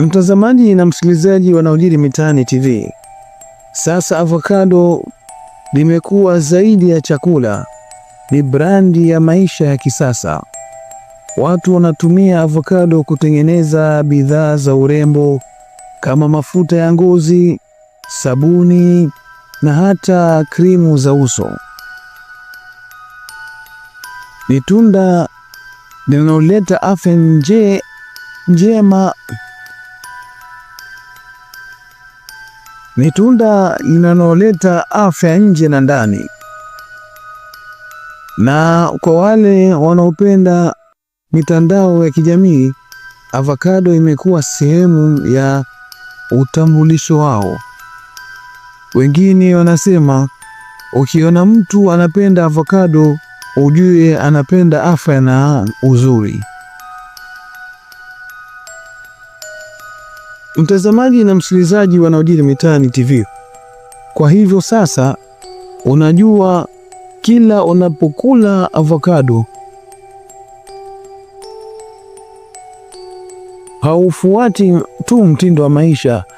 Mtazamaji na msikilizaji wanaojiri mitaani TV, sasa avocado limekuwa zaidi ya chakula, ni brandi ya maisha ya kisasa. Watu wanatumia avocado kutengeneza bidhaa za urembo kama mafuta ya ngozi, sabuni na hata krimu za uso. Ni tunda linaloleta afya nje njema Ni tunda linaloleta afya nje na ndani, na kwa wale wanaopenda mitandao ya kijamii, avocado imekuwa sehemu ya utambulisho wao. Wengine wanasema ukiona mtu anapenda avocado, ujue anapenda afya na uzuri. mtazamaji na msikilizaji yanayojiri mitaani TV. Kwa hivyo sasa unajua kila unapokula avocado haufuati tu mtindo wa maisha